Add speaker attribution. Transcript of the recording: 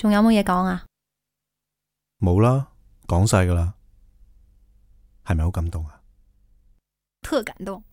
Speaker 1: 仲有冇嘢講啊？
Speaker 2: 冇啦，講晒㗎喇，係咪好感動啊？特感動。